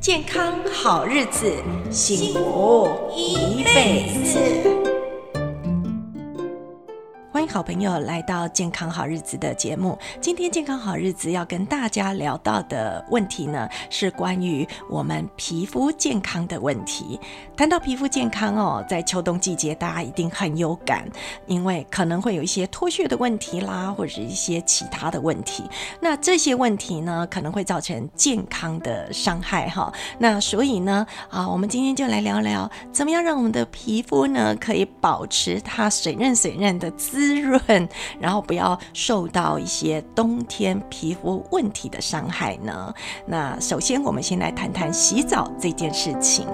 健康好日子，幸福一輩子。好朋友來到健康好日子的節目，今天健康好日子要跟大家聊到的問題呢，是關於我們皮膚健康的問題。談到皮膚健康哦，在秋冬季節大家一定很有感，因為可能會有一些脫屑的問題啦，或者一些其他的問題。那這些問題呢，可能會造成健康的傷害哈。那所以呢，啊，我們今天就來聊聊，怎麼樣讓我們的皮膚呢，可以保持它水潤水潤的滋潤。潤，然後不要受到一些冬天皮膚問題的傷害呢。那首先，我們先來談談洗澡這件事情。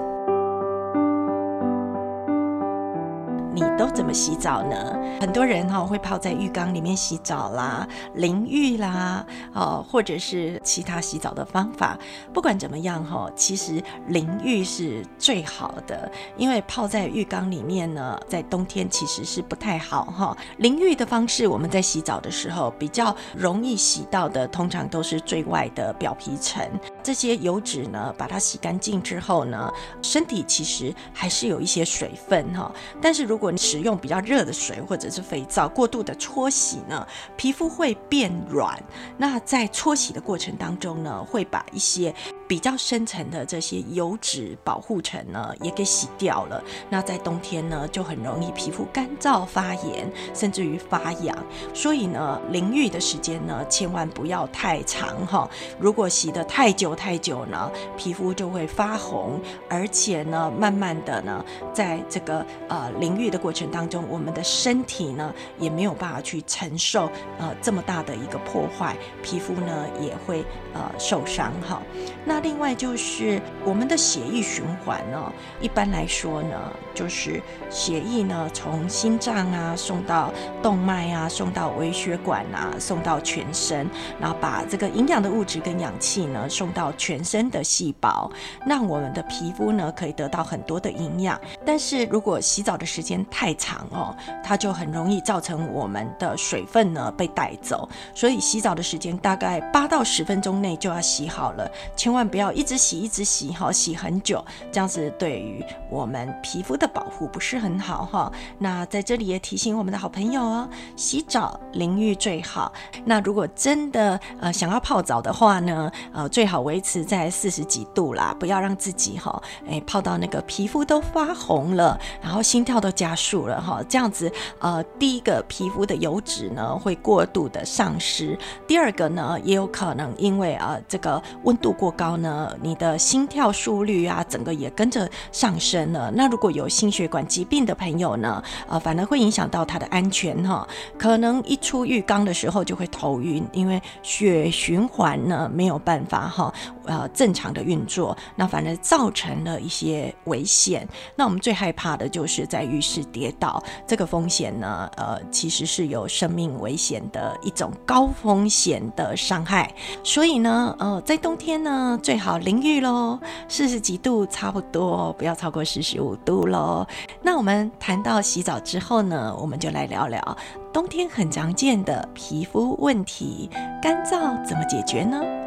怎麼洗澡呢？很多人哈會泡在浴缸裡面洗澡啦，淋浴啦，哦，或者是其他洗澡的方法。不管怎麼樣哈，其實淋浴是最好的，因為泡在浴缸裡面呢，在冬天其實是不太好哈。淋浴的方式，我們在洗澡的時候比較容易洗到的，通常都是最外的表皮層。這些油脂呢，把它洗乾淨之後呢，身體其實還是有一些水分哈。但是如果你使用比較熱的水或者是肥皂過度的搓洗呢，皮膚會變軟。那在搓洗的過程當中呢，會把一些比較深層的這些油脂保護層呢，也給洗掉了。那在冬天呢，就很容易皮膚乾燥、發炎，甚至於發癢。所以呢，淋浴的時間呢，千萬不要太長哈、哦。如果洗得太久太久呢，皮膚就會發紅，而且呢，慢慢的呢，在這個呃淋浴的過程當中，我們的身體呢，也沒有辦法去承受呃這麼大的一個破壞，皮膚呢也會呃受傷哈、哦。那那另外就是我們的血液循環呢、喔，一般來說呢，就是血液呢從心臟啊送到動脈啊，送到微血管啊，送到全身，然後把這個營養的物質跟氧氣呢送到全身的細胞，讓我們的皮膚呢可以得到很多的營養。但是如果洗澡的時間太長哦、喔，它就很容易造成我們的水分呢被帶走，所以洗澡的時間大概八到十分鐘內就要洗好了，千萬。不要一直洗一直洗哈，洗很久，這樣子對於我們皮膚的保護不是很好哈。那在這裡也提醒我們的好朋友哦，洗澡淋浴最好。那如果真的呃想要泡澡的話呢，呃最好維持在四十幾度啦，不要讓自己哈、呃、泡到那個皮膚都發紅了，然後心跳都加速了哈。這樣子呃第一個皮膚的油脂呢會過度的喪失，第二個呢也有可能因為、呃、這個溫度過高。那你的心跳速率啊，整個也跟着上升了。那如果有心血管疾病的朋友呢，啊、呃、反而會影響到他的安全哈、哦。可能一出浴缸的時候就會頭暈，因為血循環呢沒有辦法哈、哦。呃，正常的運作，那反而造成了一些危險。那我們最害怕的就是在浴室跌倒，這個風險呢，呃，其實是有生命危險的一種高風險的傷害。所以呢，呃，在冬天呢，最好淋浴嘍，四十幾度差不多，不要超過四十五度嘍。那我們談到洗澡之後呢，我們就來聊聊冬天很常見的皮膚問題，乾燥怎麼解決呢？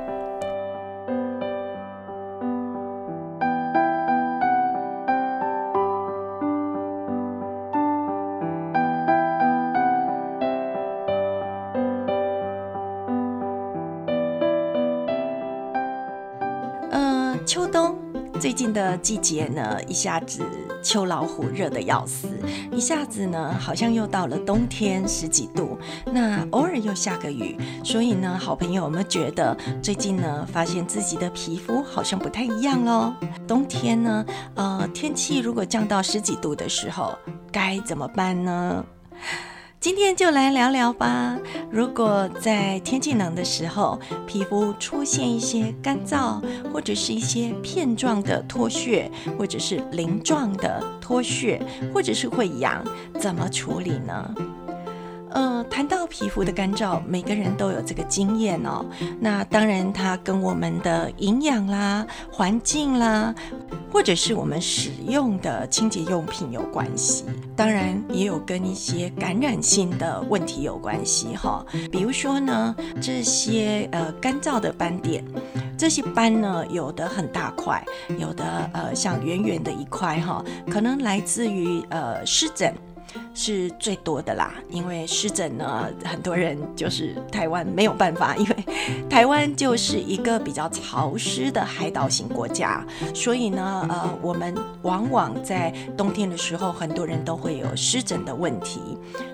最近的季節呢，一下子秋老虎熱得要死，一下子呢好像又到了冬天，十幾度，那偶爾又下個雨，所以呢，好朋友們覺得最近呢，發現自己的皮膚好像不太一樣嘍、哦。冬天呢，呃，天氣如果降到十幾度的時候，該怎麼辦呢？今天就來聊聊吧。如果在天氣冷的時候，皮膚出現一些乾燥，或者是一些片狀的脫屑，或者是鱗狀的脫屑，或者是會癢，怎麼處理呢？呃，嗯，談到皮膚的乾燥，每個人都有這個經驗哦。那當然，它跟我們的營養啦、環境啦，或者是我們使用的清潔用品有關係。當然，也有跟一些感染性的問題有關係哈、哦。比如說呢，這些呃乾燥的斑點，這些斑呢，有的很大塊，有的呃像圓圓的一塊哈、哦，可能來自於呃濕疹。是最多的啦，因為濕疹呢，很多人就是台灣沒有辦法，因為台灣就是一個比較潮濕的海島型國家，所以呢，呃，我們往往在冬天的時候，很多人都會有濕疹的問題。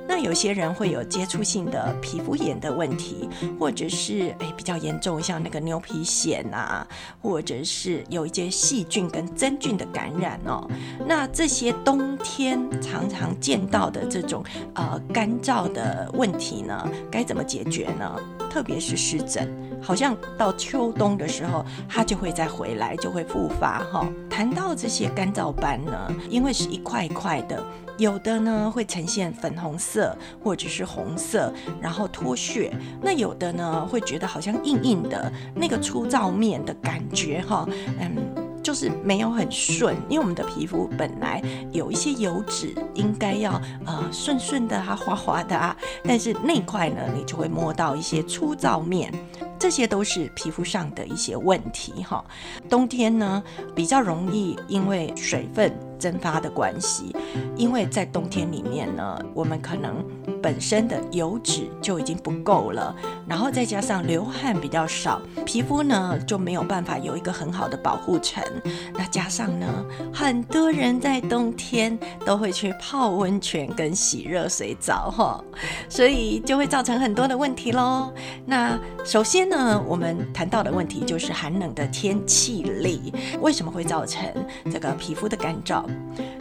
那有些人會有接觸性的皮膚炎的問題，或者是哎比較嚴重，像那個牛皮癬啊，或者是有一些細菌跟真菌的感染哦。那這些冬天常常見到的。的這種呃乾燥的問題呢，該怎麼解決呢？特別是濕疹，好像到秋冬的時候它就會再回來，就會復發哈、哦。談到這些乾燥斑呢，因為是一塊一塊的，有的呢會呈現粉紅色或者是紅色，然後脫屑；那有的呢會覺得好像硬硬的，那個粗糙面的感覺哈、哦，嗯。就是沒有很順，因為我們的皮膚本來有一些油脂應該要呃順順的啊，滑滑的啊，但是那一塊呢，你就會摸到一些粗糙面，這些都是皮膚上的一些問題哈、哦。冬天呢，比較容易因為水分。蒸發的關係，因為在冬天裡面呢，我們可能本身的油脂就已經不夠了，然後再加上流汗比較少，皮膚呢就沒有辦法有一個很好的保護層。那加上呢，很多人在冬天都會去泡溫泉跟洗熱水澡哈，所以就會造成很多的問題嘍。那首先呢，我們談到的問題就是寒冷的天氣裡為什麼會造成這個皮膚的乾燥？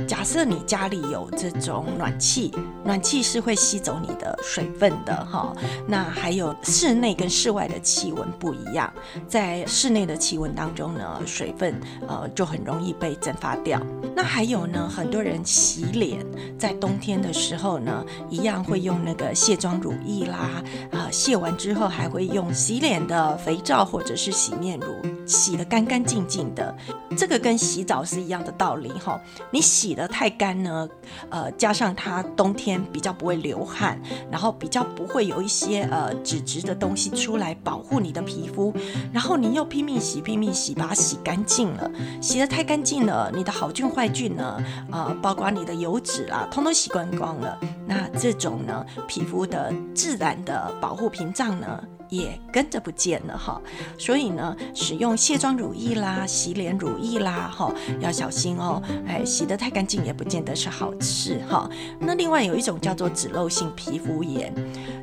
假設你家裡有這種暖氣，暖氣是會吸走你的水分的哈。那還有室內跟室外的氣溫不一樣，在室內的氣溫當中呢，水分呃就很容易被蒸發掉。那還有呢，很多人洗臉，在冬天的時候呢，一樣會用那個卸妝乳液啦，啊、呃，卸完之後還會用洗臉的肥皂或者是洗面乳。洗得乾乾淨淨的，這個跟洗澡是一樣的道理哈。你洗得太乾呢，呃，加上它冬天比較不會流汗，然後比較不會有一些呃脂質的東西出來保護你的皮膚，然後你又拼命洗拼命洗，把它洗乾淨了，洗得太乾淨了，你的好菌壞菌呢，呃，包括你的油脂啦，通通洗光光了，那這種呢，皮膚的自然的保護屏障呢，也跟着不見了哈，所以呢，使用卸妝乳液啦、洗臉乳液啦，哈，要小心哦，哎，洗得太乾淨也不見得是好事哈。那另外有一種叫做脂漏性皮膚炎，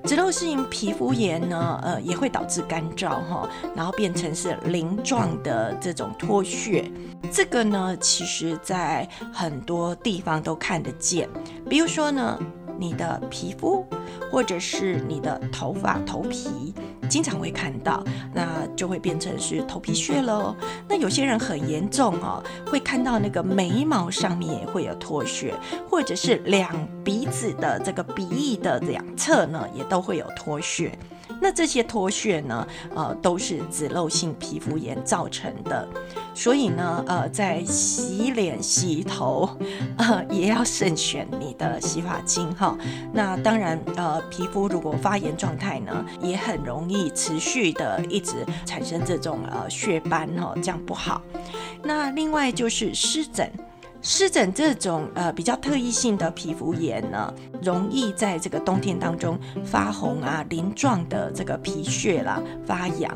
脂漏性皮膚炎呢，呃，也會導致乾燥哈，然後變成是鱗狀的這種脫屑，這個呢，其實在很多地方都看得見，比如說呢。你的皮膚，或者是你的頭髮、頭皮，經常會看到，那就會變成是頭皮屑了。那有些人很嚴重哦，會看到那個眉毛上面會有脫屑，或者是兩鼻子的這個鼻翼的兩側呢，也都會有脫屑。那這些脫屑呢，呃，都是脂漏性皮膚炎造成的，所以呢，呃，在洗臉、洗頭，呃，也要慎選你的洗髮精哈、哦。那當然，呃，皮膚如果發炎狀態呢，也很容易持續的一直產生這種呃血斑哈、哦，這樣不好。那另外就是濕疹。濕疹這種呃比較特異性的皮膚炎呢，容易在這個冬天當中發紅啊、鱗狀的這個皮屑啦、發癢。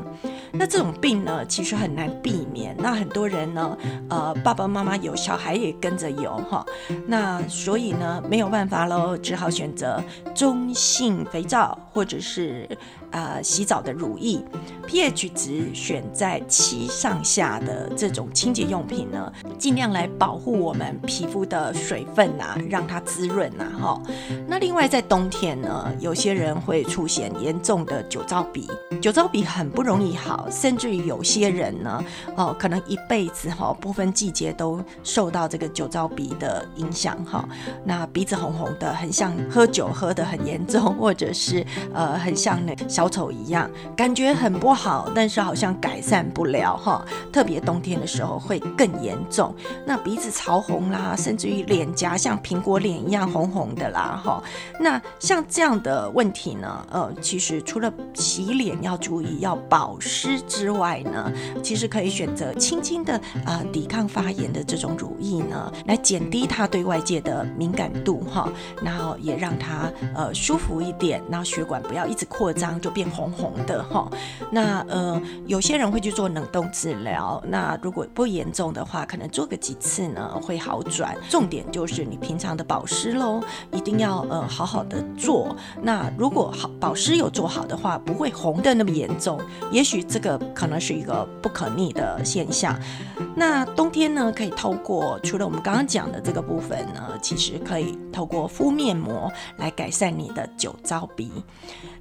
那這種病呢，其實很難避免。那很多人呢，呃，爸爸媽媽有，小孩也跟着有哈。那所以呢，沒有辦法嘍，只好選擇中性肥皂或者是啊、呃、洗澡的乳液，pH 值選在七上下的這種清潔用品呢，盡量來保護我們皮膚的水分啊，讓它滋潤啊哈。那另外在冬天呢，有些人會出現嚴重的酒糟鼻，酒糟鼻很不容易好。甚至於有些人呢，哦，可能一輩子哈，不分季節都受到這個酒糟鼻的影響哈、哦。那鼻子紅紅的，很像喝酒喝的很嚴重，或者是呃，很像那小丑一樣，感覺很不好，但是好像改善不了哈、哦。特別冬天的時候會更嚴重，那鼻子潮紅啦，甚至於臉頰像蘋果臉一樣紅紅的啦哈、哦。那像這樣的問題呢，呃，其實除了洗臉要注意，要保濕。之外呢，其實可以選擇輕輕的啊、呃，抵抗發炎的這種乳液呢，來減低它對外界的敏感度哈，然後也讓它呃舒服一點，然後血管不要一直擴張就變紅紅的哈。那呃，有些人會去做冷凍治療，那如果不嚴重的話，可能做個幾次呢會好轉。重點就是你平常的保濕嘍，一定要呃好好的做。那如果好保濕有做好的話，不會紅的那麼嚴重，也許。這個可能是一個不可逆的現象。那冬天呢，可以透過除了我們剛剛講的這個部分呢，其實可以透過敷面膜來改善你的酒糟鼻。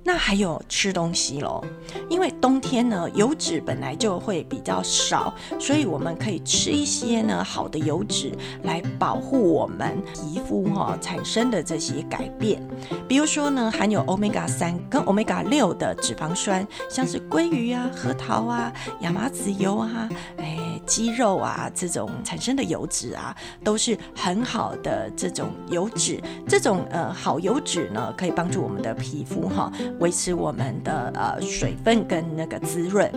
那還有吃東西咯因為冬天呢，油脂本來就會比較少，所以我們可以吃一些呢好的油脂來保護我們皮膚哈、哦、產生的這些改變。比如說呢，含有 omega 三跟 omega 六的脂肪酸，像是鮭魚啊、核桃啊、亞麻籽油啊、哎雞肉啊這種產生的油脂啊，都是很好的這種油脂。這種呃好油脂呢，可以幫助我們的皮膚哈、哦。維持我們的呃水分跟那個滋潤。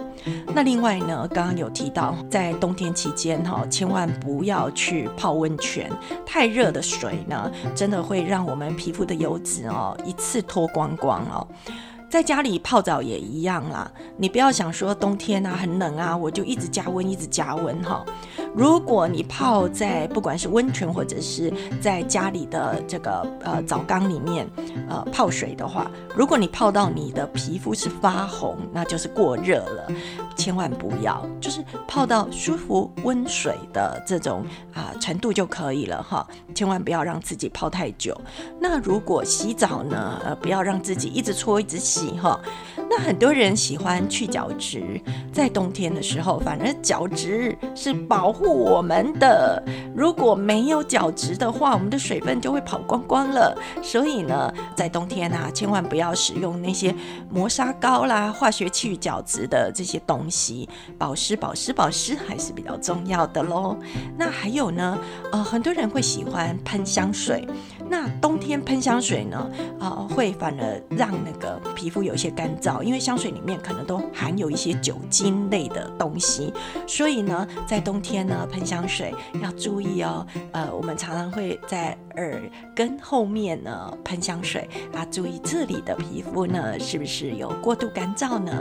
那另外呢，剛剛有提到，在冬天期間哈，千萬不要去泡溫泉，太熱的水呢，真的會讓我們皮膚的油脂哦一次脫光光哦。在家裡泡澡也一樣啦，你不要想說冬天啊很冷啊，我就一直加溫，一直加溫哈。如果你泡在不管是溫泉或者是在家裡的這個呃澡缸裡面，呃泡水的話，如果你泡到你的皮膚是發紅，那就是過熱了，千萬不要，就是泡到舒服溫水的這種啊、呃、程度，就可以了哈，千萬不要讓自己泡太久。那如果洗澡呢，呃不要讓自己一直搓一直洗哈。那很多人喜歡去角質，在冬天的時候，反而角質是保。護我們的，如果沒有角質的話，我們的水分就會跑光光了。所以呢，在冬天啊，千萬不要使用那些磨砂膏啦、化學去角質的這些東西，保濕、保濕、保濕還是比較重要的嘍。那還有呢，呃，很多人會喜歡噴香水。那冬天噴香水呢？啊、呃，會反而讓那個皮膚有一些乾燥，因為香水裡面可能都含有一些酒精類的東西。所以呢，在冬天呢噴香水要注意哦。呃，我們常常會在耳根後面呢噴香水啊，注意這裡的皮膚呢是不是有過度乾燥呢？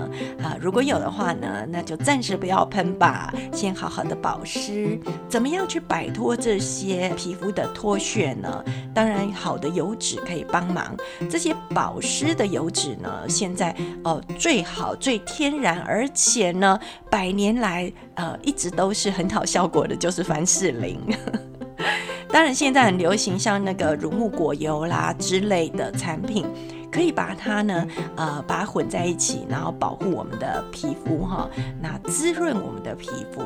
啊、呃，如果有的話呢，那就暫時不要噴吧，先好好的保濕。怎麼樣去擺脫這些皮膚的脫屑呢？當然。好的油脂可以幫忙，這些保濕的油脂呢，現在呃，最好最天然，而且呢，百年來呃一直都是很好效果的，就是凡士林。 當然現在很流行，像那個乳木果油啦之類的產品，可以把它呢呃，把它混在一起，然後保護我們的皮膚哈，那滋潤我們的皮膚。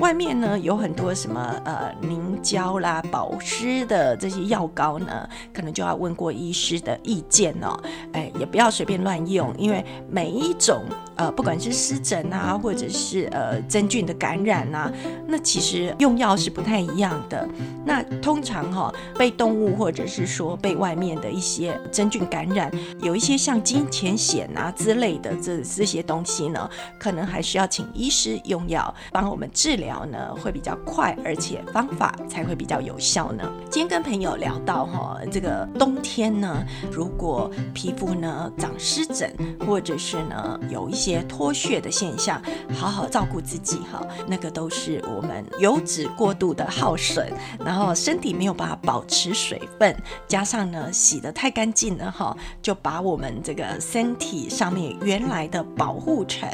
外面呢有很多什麼呃凝膠啦、保濕的這些藥膏呢，可能就要問過醫師的意見哦。哎，也不要隨便亂用，因為每一種呃，不管是濕疹啊，或者是呃真菌的感染啊，那其實用藥是不太一樣的。那通常哈、哦、被動物或者是說被外面的一些真菌感染，有一些像金錢癬啊之類的這這些東西呢，可能還需要請醫師用藥幫我們治療。療呢會比較快，而且方法才會比較有效呢。今天跟朋友聊到哈，這個冬天呢，如果皮膚呢長濕疹，或者是呢有一些脫屑的現象，好好照顧自己哈。那個都是我們油脂過度的耗損，然後身體沒有辦法保持水分，加上呢洗得太乾淨了哈，就把我們這個身體上面原來的保護層、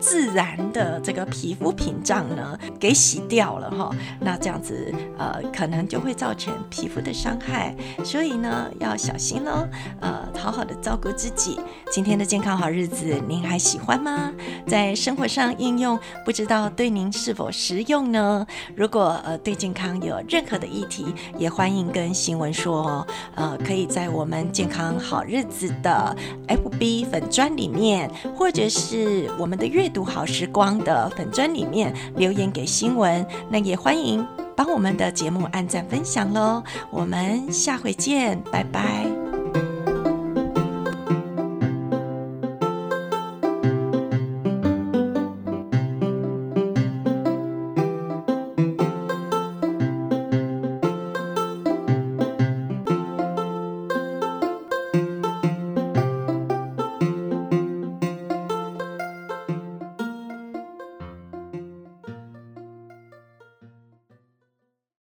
自然的這個皮膚屏障呢。給洗掉了哈，那這樣子呃，可能就會造成皮膚的傷害，所以呢要小心咯、哦，呃，好好的照顧自己。今天的健康好日子您還喜歡嗎？在生活上應用，不知道對您是否實用呢？如果呃對健康有任何的議題，也歡迎跟新聞說哦，呃，可以在我們健康好日子的 FB 粉專裡面，或者是我們的閱讀好時光的粉專裡面留言給新聞，那也歡迎幫我們的節目按讚分享嘍。我們下回見，拜拜。